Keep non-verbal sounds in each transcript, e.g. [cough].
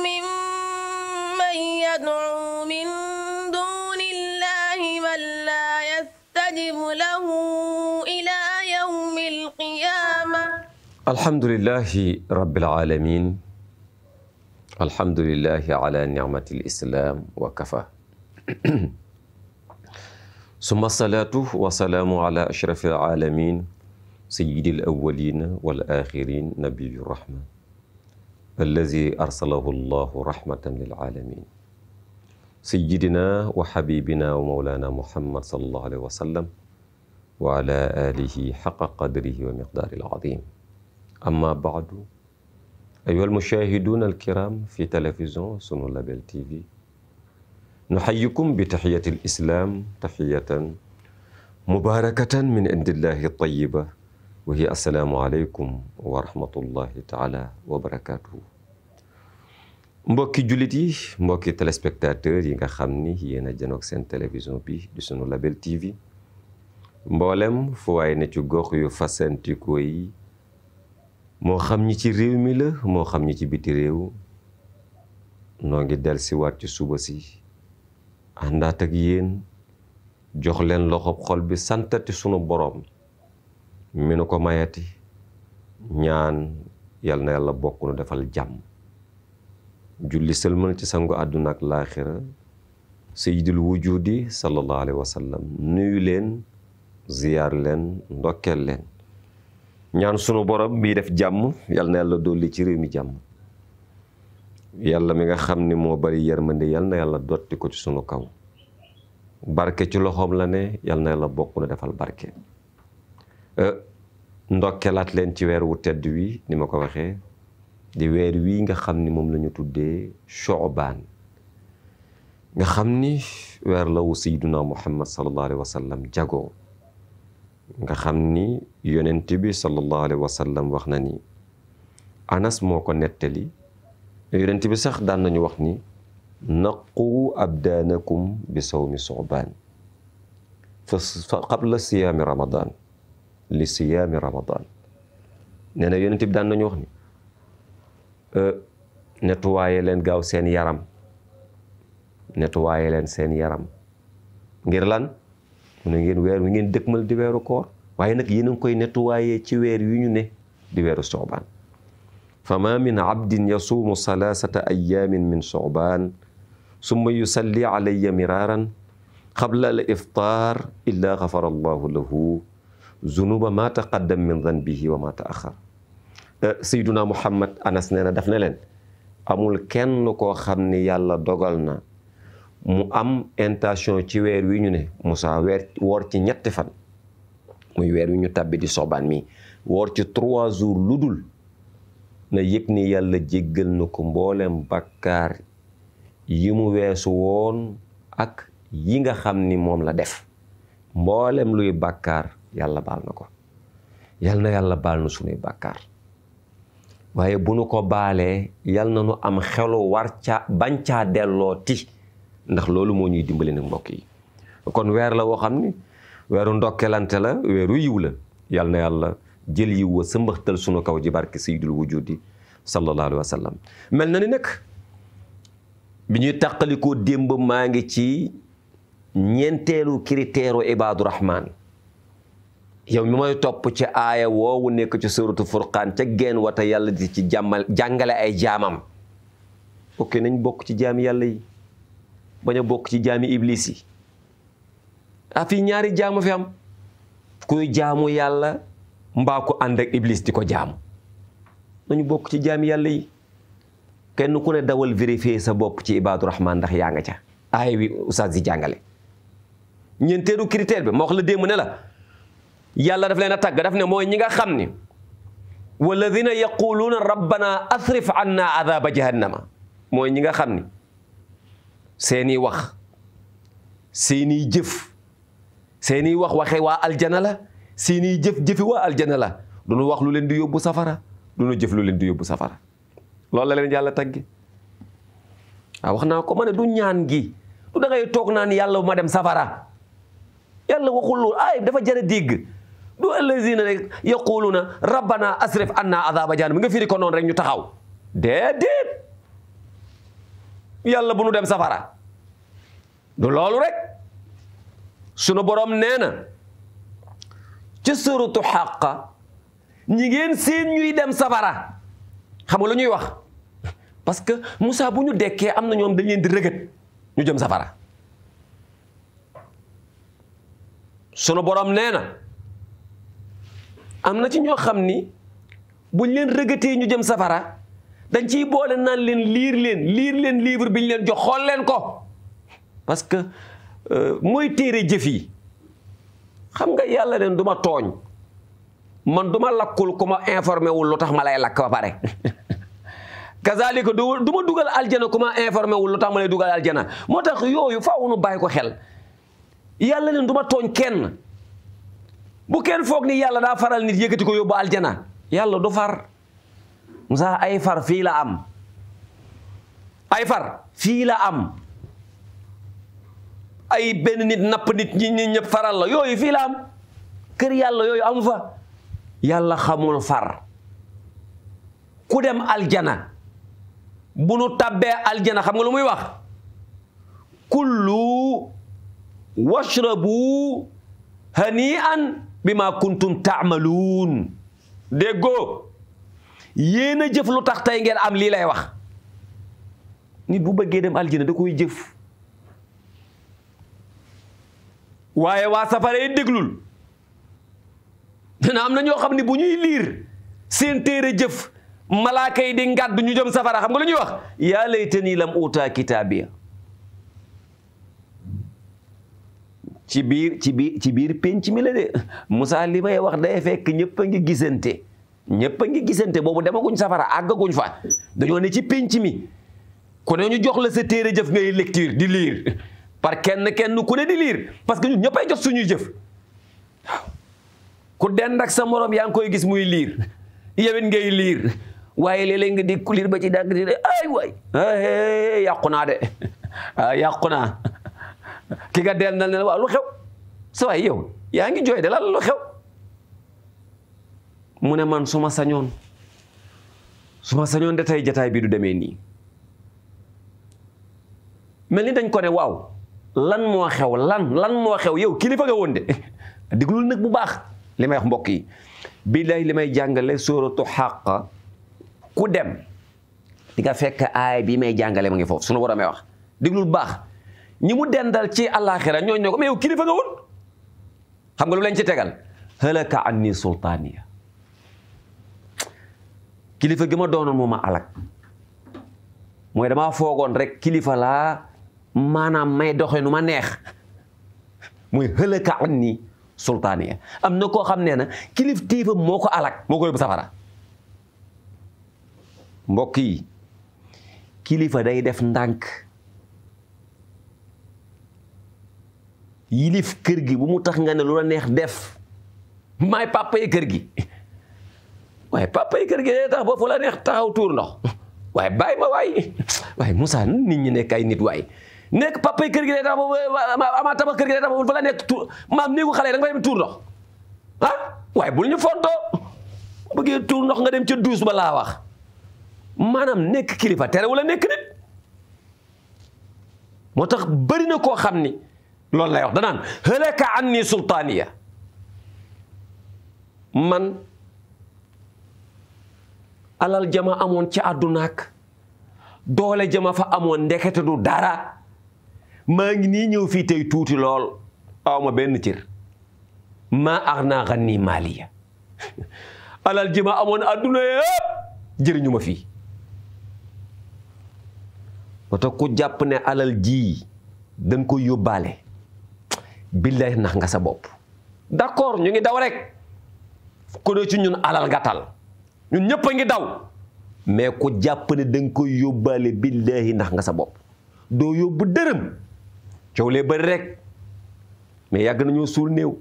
ممن يدعو من دون الله من لا يستجب له إلى يوم القيامة الحمد لله رب العالمين الحمد لله على نعمة الإسلام وكفى ثم الصلاة والسلام على أشرف العالمين سيد الأولين والآخرين نبي الرحمن allazi arsalahu llahu rahmatan lil alamin sayyidina wa xabibina wa mawlana muhammad salallahu alayhi wa sallam wa ala alihi xaqa qadrihi wa miqdaari alazim amma baadu ayuha almushahiduuna alkiram fi télévision sunu label tv nuxayikum bi taxiyati alislam taxiyatan mubarakatan min indillahi tayiba waxi asalaamualeykum wa rahmatullahi taala wa barakaatuhu mbokki jullit yi mbokki téléspectateurs yi nga xam ni yéen a janoog seen télévision bi di sunu Label TV mboolem fu waay ne ci gox yu fasantikoo yi moo xam ñi ci réew mi la moo xam ñi ci biti réew noo ngi del si waat ci suba si àndaat ak yéen jox leen loxob xol bi santati sunu boroom mi nu ko mayati ñaan yal na yàlla bokk nu defal jàmm julli sëlmal ci sangu àdduna ak laaxira sayyidul wujudi sallallahu alayhi wa nuyu leen ziyaar leen ndokkeel leen ñaan sunu borom bii def jàmm yal na yàlla dolli ci réew mi jàmm yàlla mi nga xam ni moo bari yërmande yal na yàlla dotti ko ci sunu kaw barke ci loxoom la ne yal na yàlla bokk na defal barke Euh, ndokkeelaat leen ci weer wu tedd wi ni ma ko waxee di weer wii nga xam ni moom la tuddee Shooban nga xam ni weer la wu sayyiduna Muhammad sallallahu alayhi wa sallam jago nga xam ni yonent bi sallallahu wax na ni Anas moo ko nettali yonent bi sax daan nañu wax ni naqu abdaanakum bi sawmi Shooban fa qabla siyaami Ramadan li siyaami ramadan nee na yonent dan daan nañu wax ni euh, nettuwaaye leen gaaw seen yaram nettuwaaye leen seen yaram ngir lan mu ngeen weer wi ngeen dëkkmal di weeru koor waaye nag yéen a ngi koy nettuwaayee ci weer yu ñu ne di weeru soobaan fa ma min abdin yasuumu salaasata ayaamin min soobaan summa yusalli alayya miraaran qabla al iftaar illa gafara allahu lahu zunuba ma taqaddam min zanbihi wa ma taaxar sayduna muhammad anas nee na daf ne leen amul kenn koo xam ni yàlla dogal na mu am intention ci weer wi ñu ne Moussa weer woor ci ñetti fan muy weer wi ñu tàbbi di sobaan mi woor ci trois jours lu dul na yëg ni yàlla jéggal na ko mboolem bakkaar yi mu weesu woon ak yi nga xam ni moom la def mboolem luy bakkaar yàlla baal na ko yal na yàlla baal na sunuy bàkkaar waaye bu nu ko baalee yal na nu am xelu war caa bañ delloo ti ndax loolu moo ñuy dimbali nag mbokk yi kon weer la woo xam ni weeru ndokkelante la weeru yiw la yal yàlla jël yiw wa sëmbaxtal sunu kaw ji barke si wujudi sallallahu alayhi wa sallam mel na ni nag bi ñuy tàqalikoo démb maa ngi ci ñeenteelu kiriteeru u ibaadu rahmaan yow mi mooy topp ci aaya woowu nekk ci suratu furqaan ca gen wata yàlla di ci jàmmal jàngale ay jaamam ok nañ bokk ci jaami yàlla yi bañ a bokk ci jaami iblis yi a ah, fii ñaari jaamu fi am kuy jaamu yàlla mbaa ko ànd iblis di ko jaamu nañu bokk ci jaami yàlla yi kenn ku ne dawal vérifier sa bopp ci ibaadu rahman yaa nga ca aaya wi ustaas di jàngale ñeenteelu critère bi ma wax la démb ne la yàlla daf leen a tàgg daf ne mooy ñi nga xam ni walladina yaquluuna rabbana asrif anna adaba jahannama mooy ñi nga xam ni seeni wax seeni jëf seeni wax waxe waa aljana la seeni jëf jëfi waa aljana la duñu wax lu leen di yóbbu safara duñu jëf lu leen di yóbbu safara loolu la leen yàlla tagge waaw wax naa ko ma ne du ñaan gi du da ngay toog naan yàlla ma dem safara yàlla waxul loolu ay dafa jara dégg du allazina rek yaquluna rabbana asrif anna azaba jahannam nga firi ko noonu ñu taxaw yàlla bu dem safara du loolu rek sunu borom nee na ci suratu xàqa ñi dem safara xam nga lu ñuy wax parce que Moussa bu ñu dekkee am na ñoom di rëgët ñu jëm safara sunu borom nee na am na ci ñoo xam ni buñ leen rëgatee ñu jëm safara dañ ciy boole naan leen liir leen liir leen livre bi leen jox xool leen ko parce que euh, mooy téere jëf yi xam nga yàlla leen du ma tooñ man duma ma lakkul ku ma informé wul lu tax ma lay lakk ba pare [laughs] kazalika du du ma dugal aljana ku ma informé wul lu tax ma lay dugal aljana moo tax yooyu faaw nu bàyyi ko xel yàlla leen du ma tooñ kenn bu kenn foog ni yàlla daa faral nit yëkkati ko yóbbu aljana yàlla du far Moussa ay far fii la am ay far fii la am ay benn nit napp nit ñi ñi faral la yooyu fii la am kër yàlla yooyu amu fa yàlla xamul far ku dem aljana bu nu tabbee aljana xam nga lu muy wax kullu washrabu hani'an bi ma kuntum taamaluun déggoo yéen a jëf lu tax tey ngeen am lii lay wax ni bu bëggee dem aljina da koy jëf waaye waa safara yi déglul dina am na ñoo xam ne bu ñuy liir seen téere jëf malaaka yi di ngàdd ñu jëm safara xam nga lu ñuy wax yaa laytani lam uta kitaabiya ci biir ci biir ci biir penc mi la de Moussa li may wax day fekk ñëpp a ngi gisante ñëpp a ngi gisante boobu demaguñ safara àggaguñ fa dañoo ne ci penc mi ku ne ñu jox la sa téere jëf ngay lecture di lire par kenn kenn ku ne di liir parce que ñun ñëppay jot suñuy jëf waaw ku dend ak sa morom yaa ngi koy gis muy lire yewit ngay lire waaye léeg nga di lire ba ci dàgg di ay waay yàqu naa de [laughs] ah, yàqu naa ki nga deel na leen waa lu xew sa waay yow yaa ngi jooy de lan lu xew mu ne man suma ma sañoon suma ma sañoon de tey jataay bii du demee nii mel ni dañ ko waaw lan moo xew lan lan moo xew yow kilifa nga woon de [laughs] diglul nag bu baax li may wax mbokk yi billahi li may jàngale sóoratu xàq ku dem di fekk aay bi may jàngale ma ngi foofu sunu borom may wax diglul baax ñi mu dendal ci àllaaxira ñoo ñoo ko mais kilifa nga woon xam nga lu leen ci tegal halaka anni sultaaniya kilifa gi ma doonoon moo ma alak mooy damaa foogoon rek kilifa laa maanaam may doxe nu ma neex muy halaka anni sultaaniya am na koo xam ne na kilif téefam moo ko alak moo ko yóbbu safara mbokk yi kilifa day def ndànk yilif kër gi bu mu tax nga ne lu neex def may papa yi kër gi waaye papa yi kër gi day tax ba fu la neex taxaw tuur ndox waaye bàyyi ma waay waaye Moussa nit ñi nekk ay nit waay nekk papa yi kër gi day tax ba ama tabax kër gi day tax ba fu la nekk tuur maam néegu ah waaye bul ñu fontoo ndox nga dem ca duus ba laa wax maanaam nekk kilifa tere wala nekk nit moo tax bari na koo xam ni loolu lay wax danaan halaka anni sultaaniya man alal jama amoon ci àddunaak doole jama fa amoon ndekete du dara maa ngi nii ñëw fii tey tuuti lool awma benn cër maa aghnaa ghannii maaliya alal jama amoon àdduna yëpp jëriñu ma fii wata ku jàpp ne alal ji dañ ko yóbbaale billahi nax nga sa bopp d'accord ñu ngi daw rek ku ne ci ñun alal nga tal ñun ñëpp a ngi daw mais ku jàpp ne da nga koy yóbbaale billahi nax nga sa bopp doo yóbbu dërëm coow lee bëri rek mais yàgg nañoo suul néew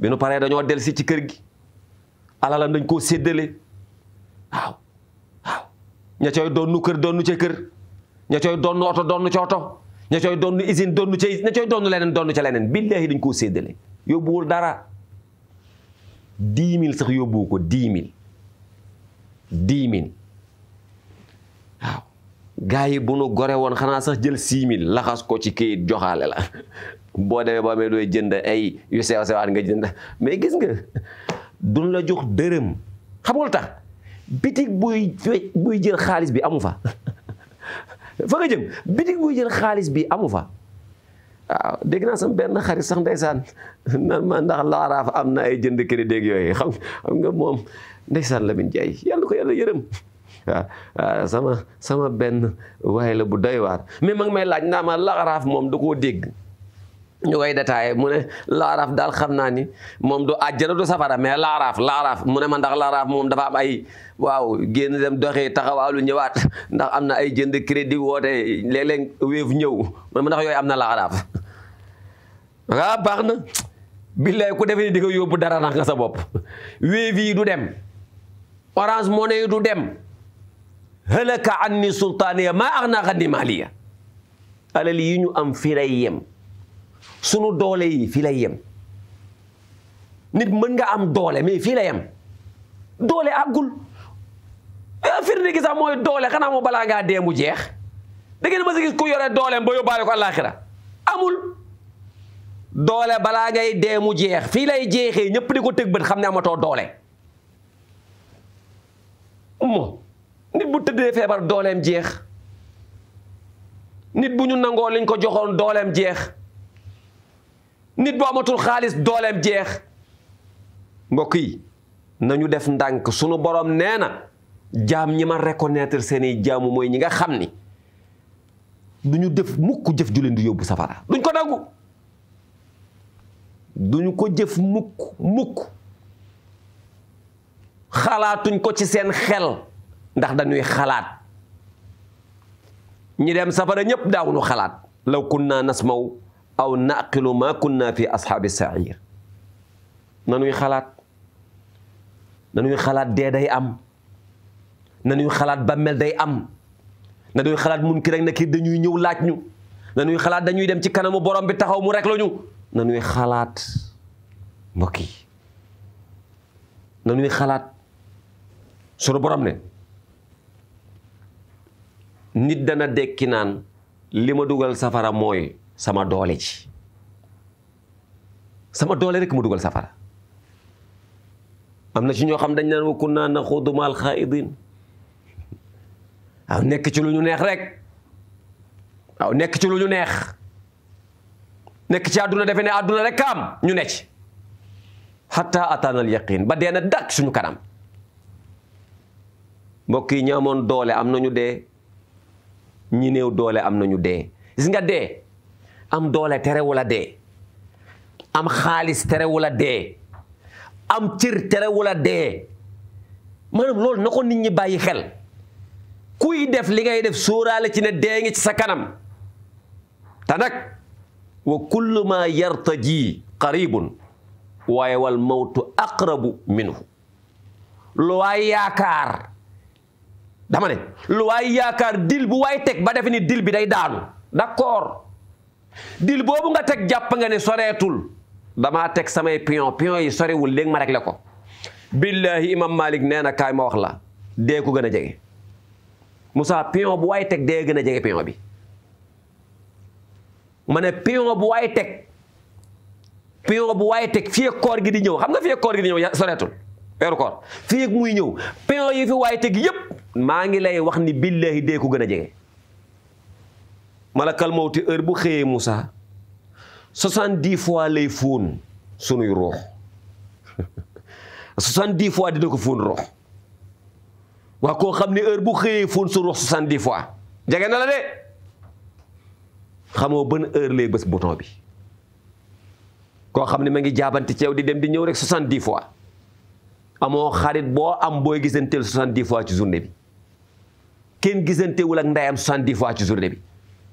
bi nu paree dañoo del si ci kër gi alalam dañ koo séddale waaw waaw ña cooy doonnu kër doonnu ca kër ña cooy doonnu oto doonnu ca oto ña cooy doon usine doon ca ña cooy doon leneen doon ca leneen billaahi dañ koo séddale yóbbuwul dara dix mille sax yóbbuwu ko dix mille dix gars yi bu nu gore woon xanaa sax jël six mille laxas ko ci kayit joxaale la [laughs] boo demee boo amee dooy jënd ay yu sew sewaat nga jënd mais gis nga duñ la jox dërëm xamul tax bitik buy buy jël xaalis bi amu fa [laughs] fa nga jëm bitig buy jël xaalis bi amu fa waaw dégg naa sama benn xarit sax ndeysaan nan ma ndax laaraaf am na ay jënd crédit ak yooyu xam xam nga moom ndeysaan Lamine Ndiaye yàlla ko yàlla yërëm waaw sama sama benn waaye la bu doy waar mais ma ngi may laaj naa ma laaraaf moom da koo dégg ñu koy détaillé mu ne laaraaf daal xam naa ni moom du àjjana du safara mais laaraaf laaraaf mu ne ma ndax laaraaf moom dafa am ay waaw génn dem doxee taxawaalu ñëwaat ndax am na ay jënd crédit woote léeg-léeg wéef ñëw mu ne ma ndax yooyu am na laaraaf ah baax na billaay ku defee di ko yóbbu dara nax nga sa bopp wéef yi du dem orange money yi du dem halaka anni sultaaniya maa ax naa xanni maaliya alal yi ñu am fi lay yem sunu doole yi fii lay yem nit mën nga am doole mais fii la yem doole àggul eh, firnde gi sax mooy doole xanaa moo balaa ngaa dee mu jeex da ngeen ku yore dooleem ba yóbbaale ko àllaaxira amul doole balaa ngay dee mu jeex fii lay jeexee ñépp di ko tëg bët xam ne amatoo doole mo nit bu tëddee feebar dooleem jeex nit bu ñu nangoo liñ ko joxoon dooleem jeex nit bu amatul xaalis dooleem jeex mbokk yi nañu def ndànk sunu boroom nee na jaam ñi ma reconnaître seeni jaamu mooy ñi nga xam ni du ñu def mukk jëf ju leen di yóbbu safara duñ ko nangu duñu ko jëf mukk mukk xalaatuñ ko ci seen xel ndax dañuy xalaat ñi dem safara ñépp daawuñu xalaat law kun naa nasmaw aw naqilu ma kunna fi ashaabi sair nanuy xalaat nanuy xalaat dee day am nuy xalaat bàmmeel day am nanuy xalaat munkar ak nakiir dañuy ñëw laaj ñu nanuy xalaat dañuy dem ci kanamu borom bi taxaw mu rek la ñu nanuy xalaat mbokk yi nanuy xalaat sunu borom ne nit dana dekki naan li ma dugal safara mooy sama doole ci sama doole rekk mu dugal safara am na ci ñoo xam dañ naan wa kunna naxuudu maal xaa'idin waaw nekk ci lu ñu neex rekk waaw nekk ci lu ñu neex nekk ci àdduna defe ne àdduna rek am ñu ne ci xataa ataanal yaqin ba dee na dàq suñu kanam mbokk yi ñi amoon doole am nañu dee ñi néew doole am nañu dee gis nga dee am doole tere la dee am xaalis terewu la dee am cër tere wula dee maanaam lool na ko nit ñi bàyyi xel kuy def li ngay def sóoraale ci ne dee ngi ci sa kanam te nag wa kullu ma yartaji qaribun waaye wal mawtu aqrabu minu lu waay yaakaar dama ne lu yaakaar dil bu teg ba defe ni dil bi day daanu d'accord dil boobu nga teg jàpp nga ne soreetul ma teg samay pion pion yi sorewul léegi ma rek le ko billahi imam malik nee na kaay ma wax la dee ko gën a jege Moussa pion bu waay teg dee gën a jege pion bi ma ne pion bu waay teg pion bu waay teg fii koor gi di ñëw xam nga fii ak koor gi di ñëw soreetul weeru koor fii muy ñëw pion yi fi waay teg yëpp maa ngi lay wax ni billahi dee ko gën a jege malakal mawti heure bu xëyee Moussa soixante di fois lay fóon sunuy ruux [laughs] soixante-dix fois dina ko fóon ruux waa koo xam ne heure bu xëyee fóon su ruux soixante-dix fois jege na la de xamoo ban heure lay bës bouton bi koo xam ne ma ngi jaabante ceew di dem di ñëw rek soixante-dix fois amoo xarit boo am booy gisanteel soixante-dix fois ci journée bi kenn gisantewul ak ndayam soixante-dix fois ci journée bi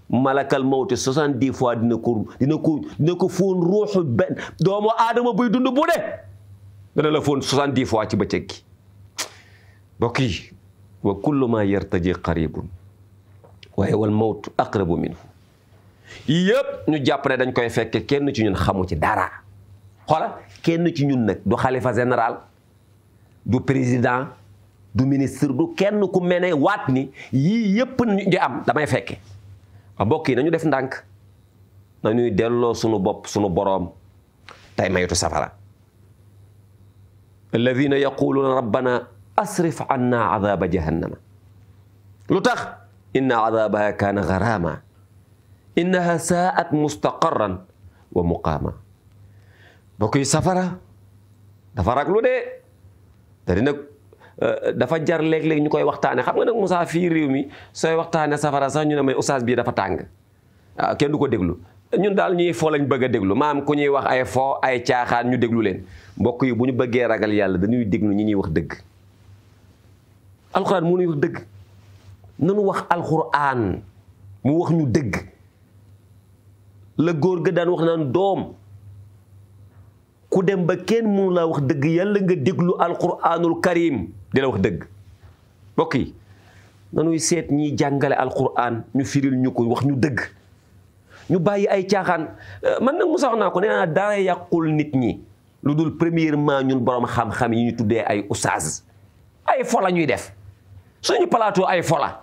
malakal mawte soixante dix fois dina ko dina ko dina ko fóon ruuxu doomu aadama buy dund bu de dana la fóon soixante dix fois ci bëccëg gi mbokk yi wa kullu ma yartaji qaribun waaye wal mawtu aqrabu minhu yëpp ñu jàpp ne dañ koy fekke kenn ci ñun xamu ci dara xoola kenn ci ñun nag du xalifa général du président du ministre du kenn ku mene waat ni yii yëpp ñu am damay fekke Ah, mbokk yi nañu def ndànk nañuy delloo sunu bopp sunu boroom tey mayutu safara alladina yaquluuna rabbana asrif anna adaba jahannama lu tax inna adabaha kaana garaama innaha saat mustaqarran wa muqaama mbokk yi safara dafa raglu dee te dina Euh, dafa jar léeg-léeg ñu koy waxtaane xam nga ne Moussa fii réew mi sooy waxtaane safara sax ñu ne may oustaz bii dafa tàng waaw ah, kenn du ko déglu ñun daal ñuy foo lañ bëgg a déglu maam ku ñuy wax ay foo ay caaxaan ñu déglu leen mbokk yi bu ñu bëggee ragal yàlla dañuy déglu ñu ñuy wax dëgg alxuraan mu ñuy wax dëgg nanu mu wax ñu dëgg la góor ga daan wax naan doom ku dem ba kenn mënu laa wax dëgg yàlla nga déglu alquranul karim di la wax dëgg mbokk yi nanuy seet ñiy jàngale alquran ñu firil ñu ko wax ñu dëgg ñu bàyyi ay caaxaan euh, man nag mu sax naa ko nee naa dara yàqul nit ñi lu dul premièrement ñun borom xam-xam yi ñu tuddee ay oustaz ay fola ñuy def suñu plateau ay fola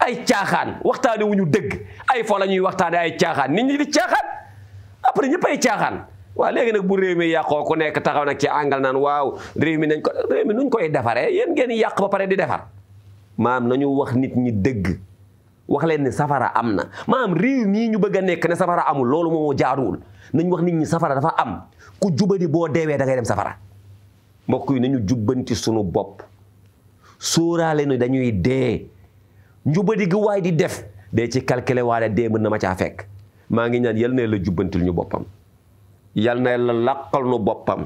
ay caaxaan waxtaane wu ñu dëgg ay fola ñuy waxtaane ay caaxaan nit ñi di caaxaan après ñëpp ay caaxaan waa léegi nag bu réew mi yàqoo ku nekk taxaw na ci àngal naan waaw réew mi nañ ko réew mi nuñ koy defaree yéen ngeen yàq ba pare di defar maam nañu wax nit ñi dëgg wax leen ne safara am na maam réew mii ñu bëgg a nekk ne safara amul loolu moo jaaduwul nañ wax nit ñi safara dafa am ku jubadi boo deewee da ngay dem safara mbokk yi nañu jubbanti sunu bopp sóoraale nu dañuy dee njubadi gi waay di def dee ci calculer waale dee mën na ma caa fekk maa ngi ñaan yal na la jubbantil ñu boppam yal na la làqal nu boppam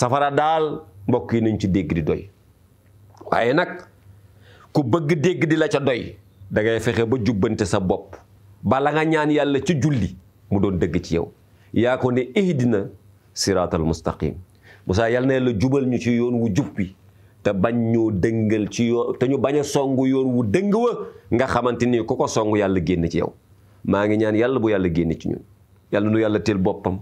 safara daal mbokk yi nañ ci dégg di doy waaye nag ku bëgg dégg di la ca doy da ngay fexe ba jubbante sa bopp bala nga ñaan yàlla ci julli mu doon dëgg ci yow yaa ko ne ihdina siraatal mustaqim musaa yal na yàlla jubal ñu ci yoon wu jub te bañ ñoo dëngal ci yoon te ñu bañ a song yoon wu dëng wa nga xamante ni ku ko song yàlla génn ci yow maa ngi ñaan yàlla bu yàlla génn ci ñun yàlla nu yàlla teel boppam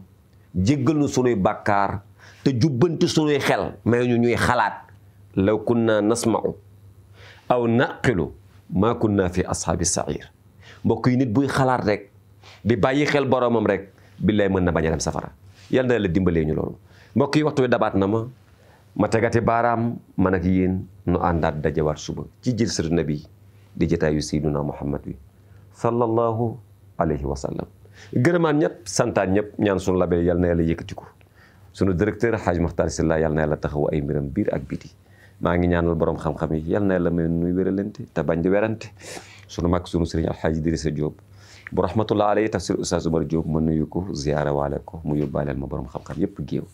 jéggal nu sunuy bàkkaar te jubbanti sunuy xel may ñu ñuy xalaat law kunna nasma'u aw naqilu maa kunna fi ashaabi sair mbokk yi nit buy xalaat rek di bàyyi xel boromam rek billaay mën na bañ safara yal na yàlla dimbalee ñu loolu mbokk yi waxtu wi dabaat na ma ma tegati baaraam man ak yéen nu àndaat dajawaat suba ci jël sër nabi di jataayu sayyiduna muhammad wi sallallahu alayhi wa gërëmaan ñëpp santaan ñëpp ñaan sunu label yal na yàlla yëkkatiku sunu directeur Hadj Makhtar Sylla yal na yàlla taxawu ay mbiram biir ak biti maa ngi ñaanal boroom xam-xam yi yal na yàlla may nuy wéralante te bañ di werante sunu mag sunu sëriñ Alxaaji Idrissa Diop bu rahmatullah alayhi tafsir Oustaz Oumar jóob ma nuyu ko ziyaara waale ko mu yóbbaaleel ma boroom xam-xam yëpp géew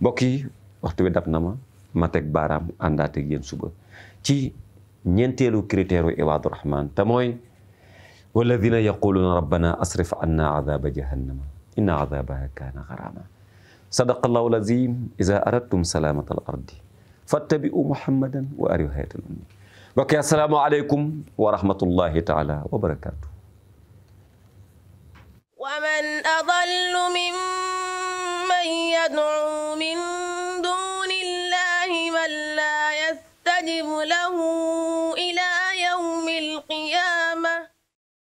mbokk yi waxtu wi dab na ma ma teg baaraam àndaate ak yéen suba ci ñeenteelu critère u Ibaadu Rahmaan te mooy walladina yaquluuna rabbana asrif anna adaba jahannama inna adabaha kaana garaama sadaqallahu lazim ida aradtum salaamata al ardi fattabiu muhammadan wa ariu hayatal ummi mbokk yi asalaamu aleykum wa rahmatullahi taala wa barakaatu waman adallu mimman yad'u min